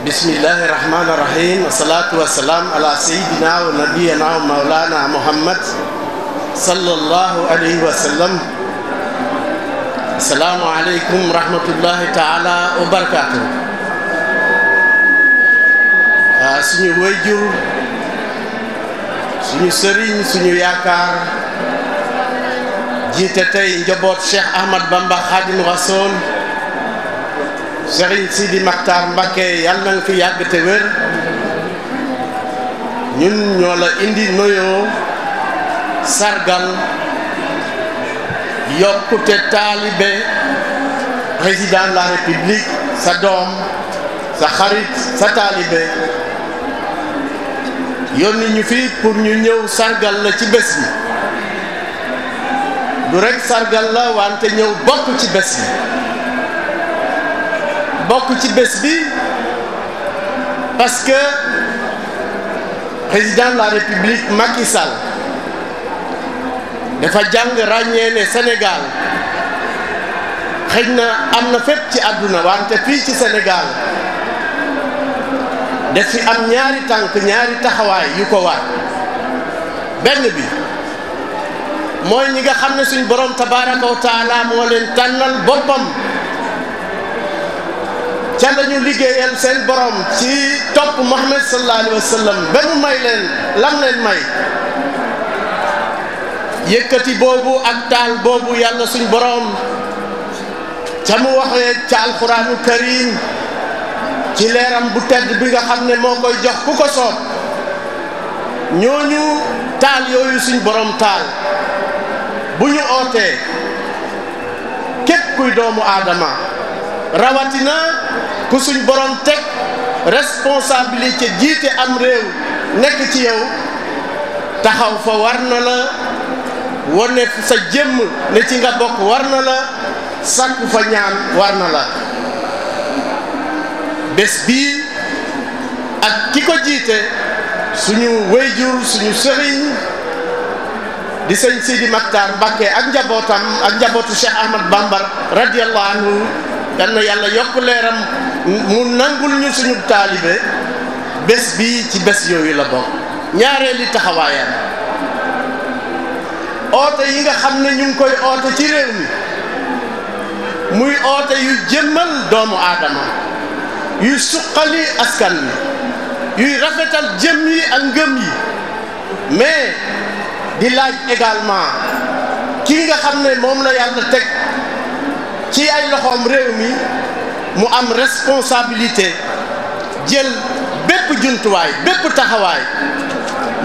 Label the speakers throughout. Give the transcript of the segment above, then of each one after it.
Speaker 1: bismillahi rahmaani rahim wasalaatu wasalaam ala sayidina wa nabiyana wa maulana muhammad sallallahu alayhi wa sallam asalaamu aleykum rahmatullahi taala wa barakaatu waaw ah, suñu wayjur suñu sëriñ suñu yaakaar jiite tey njaboot Cheikh Ahmad Bamba Xaadimu Rasuul Serigne Sidi Makhtar Mbacké yàlla na fi yàgg te wér ñun ñoo la indi noyoo sargal yokkute taalibe président de la république sa doom sa xarit sa taalibe yónni ñu fi pour ñu ñëw sargal la ci bés bi du rekk sargal la wante ñëw bokk ci bés yi bokk ci bés bi parce que président de la république Macky Sall dafa jàng ràññee ne Sénégal xëy na am na fépp ci àdduna wante fii ci senegaal daf fi am ñaari tànk ñaari taxawaay yu ko waay benn bi mooy ñi nga xam ne suñu borom tabaraka wa taala moo leen tànnal boppam ca la liggéeyal seen borom ci topp Muhammad sallallahu alayhi wa sallam ba mu may leen lam leen may yëkkati boobu ak taal boobu yàlla suñ borom ca mu waxee ca alquraanu karim ci leeram bu tedd bi nga xam ne moo koy jox ku ko soob ñooñu taal yooyu suñ boroom taal bu ñu ootee képp kuy doomu aadama rawatina ku suñ borom teg responsabilité jiite am réew nekk ci yow taxaw fa war na la wane sa jëmm ne ci nga bokk war na la sàkku fa ñaan war na la bés bii ak ki ko jiite suñu wéyjur suñu sëriñ di sëñ Sidi Maktar Mbakke ak njabootam ak njabootu Cheikh Ahmad Bambar radiyallahu anhu yal na yàlla yokk leeram mu nangul ñu suñu taalibe bés bi ci bés yooyu la bokk ñaareeli taxawaayam oote yi nga xam ne ñu ngi koy oote ci réew mi muy oote yu jëmmal doomu aadama yuy suqali askan wi yuy rafetal jëm yi ak ngëm yi mais di laaj également kii nga xam ne moom la yàlla teg ci ay loxoom réew mi mu am responsabilité jël bépp jumtuwaay bépp taxawaay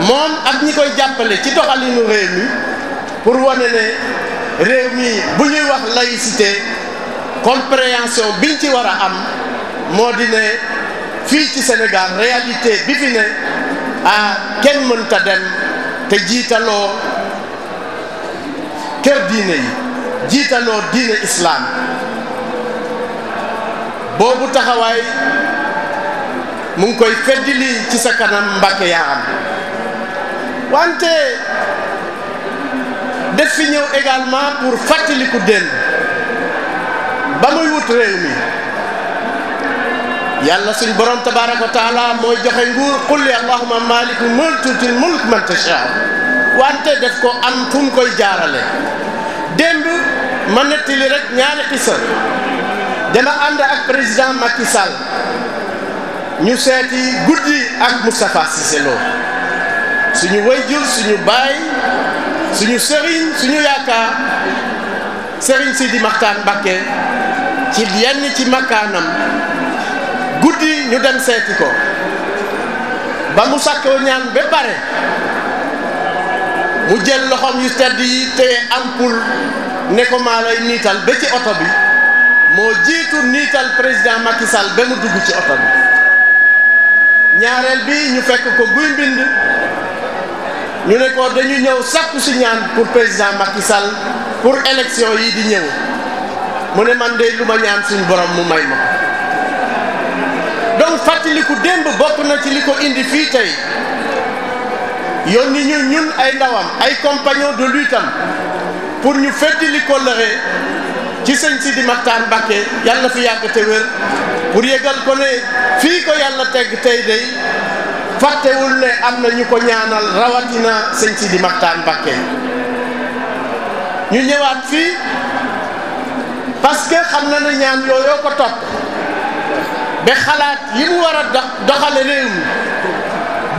Speaker 1: moom ak ñi koy jàppale ci doxalinu réew mi pour wane ne réew mi bu ñuy wax laïcité compréhension biñ ci war a am moo di ne fii ci Sénégal réalité bi fi ne ah kenn mënta dem te jiitaloo kër diine yi. jiitaloo diine islaam boobu taxawaay mu ngi koy feddi ci sa kanam mbàkke yaa am wante def fi ñëw également pour fàttaliku démb ba muy wut réew mi yàlla suñ borom tabaaraka wa taala mooy joxe nguur qul allahumma maaliku mulk tuutil mulk man tashaa wante def ko am fu mu koy jaarale ma nettali rek ñaari xisa dama ànd ak président Macky Sall ñu seeti guddi ak Moustapha Cissé Lo suñu wayjur suñu baay suñu sëriñ suñu yaakaar sëriñ Sidi Maxtaar Mbacké ci yenn ci makkaanam guddi ñu dem seeti ko ba mu sàkkoo ñaan ba pare mu jël loxoom yu tedd yi téye ampoule ne ko maa niital ba ci oto bi moo jiitu niital président Macky Sall ba mu dugg ci oto bi ñaareel bi ñu fekk ko guy mbind ñu ne ko dañu ñëw sàkku si ñaan pour président Macky Sall pour élection yi di ñëw mu ne man de lu ma ñaan suñu borom mu may ma don fàttaliku démb bokk na ci li ko indi fii tey yónni ñu ñun ay ndawam ay compagnons de lutte pour ñu feddali kóllëre ci sëñ Sidi Maxtaar Mbàkke yàlla fi yàgg te pour yëgal ko ne fii ko yàlla tegg tey day fàttewul ne am na ñu ko ñaanal rawatina sëñ Sidi Maxtaar Mbàkke ñu ñëwaat fii parce que xam na ne ñaan yooyoo ko topp ba xalaat yi mu war doxale réew mi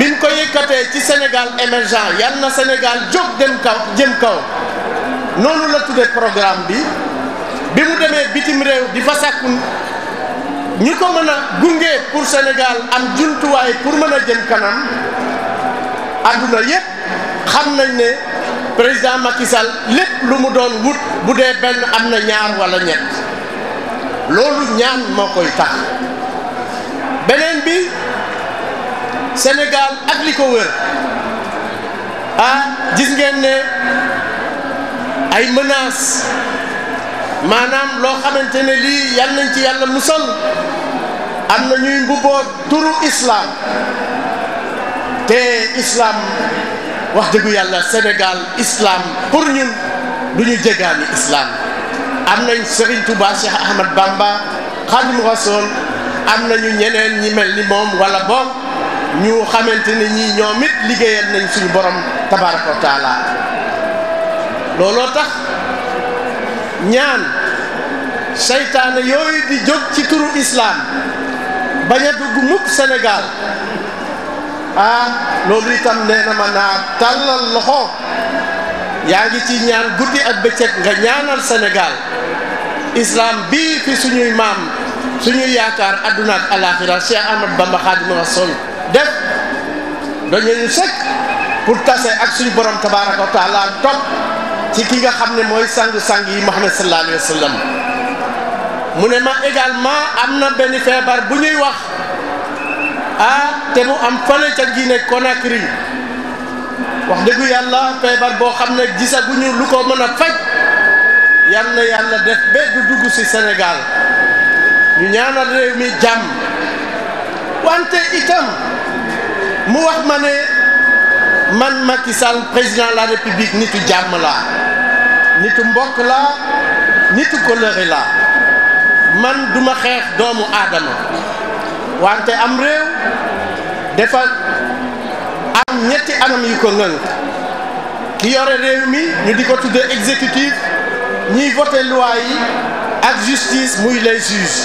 Speaker 1: biñ ko yëkkatee ci senegal émergent yal senegal Sénégal jóg dem kaw jëm kaw noonu la tuddee programme bi bi mu demee bitim réew di fa sàkku ñi ko mën a gunge pour senegaal am jumtuwaay pour mën a jëm kanam àdduna yépp xam nañ ne président Macky Sall lépp lu mu doon wut bu dee benn am na ñaar walla ñett loolu ñaan moo koy tax beneen bi Sénégal ak li ko wër ah gis ngeen ne. ay menaces maanaam loo xamante ne lii yal nañ ci yàlla musal am na ñuy mbubboo turu islam te islaam wax dëggu yàlla senegaal islaam pour ñun du ñu jéggaani islam am nañ Serigne Touba Cheikh Ahmad Bamba Khadim Rassoul am nañu ñeneen ñi mel ni moom wala boog ñu xamante ne ñii ñoom it liggéeyal nañ suñu borom tabaraka wa taala looloo tax ñaan seytaane yooyu di jóg ci turu islaam bañ a dugg mukk Sénégal ah loolu itam nee na ma naa tàllal loxo yaa ngi ci ñaan guddi ak bëccëg nga ñaanal Sénégal islam bii fi suñuy maam suñuy yaakaar àdduna ak alaaxira Cheikh Ahmad Bamba Xaadimu Rasuul def dañu ñu sëkk pour tase ak suñu borom tabaaraka wa taala topp ci ki nga xam ne mooy sang-sang yi Muhammad sallallahu alayhi wa mu ne ma également am na benn feebar bu ñuy wax ah te mu am fële ca Guinée Conakry wax dëggu yàlla feebar boo xam ne gisaguñu lu ko mën a faj yal na yàlla def ba du dugg ci Sénégal ñu ñaanal réew mi jàmm wante itam mu wax ma ne man Macky Sall président de la République nitu jàmm laa nitu mbokk laa nitu kóllëre la man duma xeex doomu aadama wante am réew dafa am ñetti anam yu ko ngënk ki yore réew mi ñu di ko tuddee exécutif ñiy voté loi yi ak justice muy les juges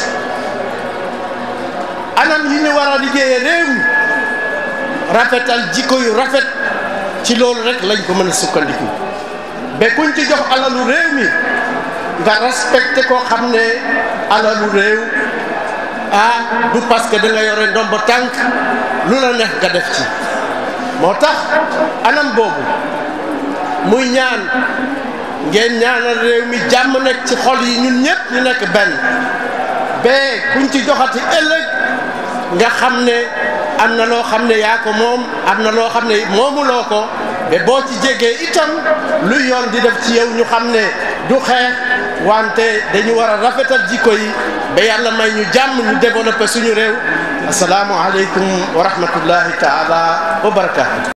Speaker 1: anam yi ñu war a liggéeyee réew mi rafetal jikko yu rafet ci loolu rek lañ ko mën a sukkandiku mais kuñ ci jox alalu réew mi nga respecté koo xam ne alalu réew ah du parce que da nga yore ndomb tànk lu la neex nga def ci moo tax anam boobu muy ñaan ngeen ñaanal réew mi jàmm nekk ci xol yi ñun ñëpp ñu nekk benn ba kuñ ci joxati ëllëg nga xam ne am na loo xam ne yaa ko moom am na loo xam ne moomuloo ko ba boo ci jégee itam lu yoon di def ci ñu xam ne du xeex wante dañu war a rafetal jikko yi ba yàlla may ñu jàmm ñu développé suñu réew asalaamualeykum wa rahmatullahi taala wa barakaatu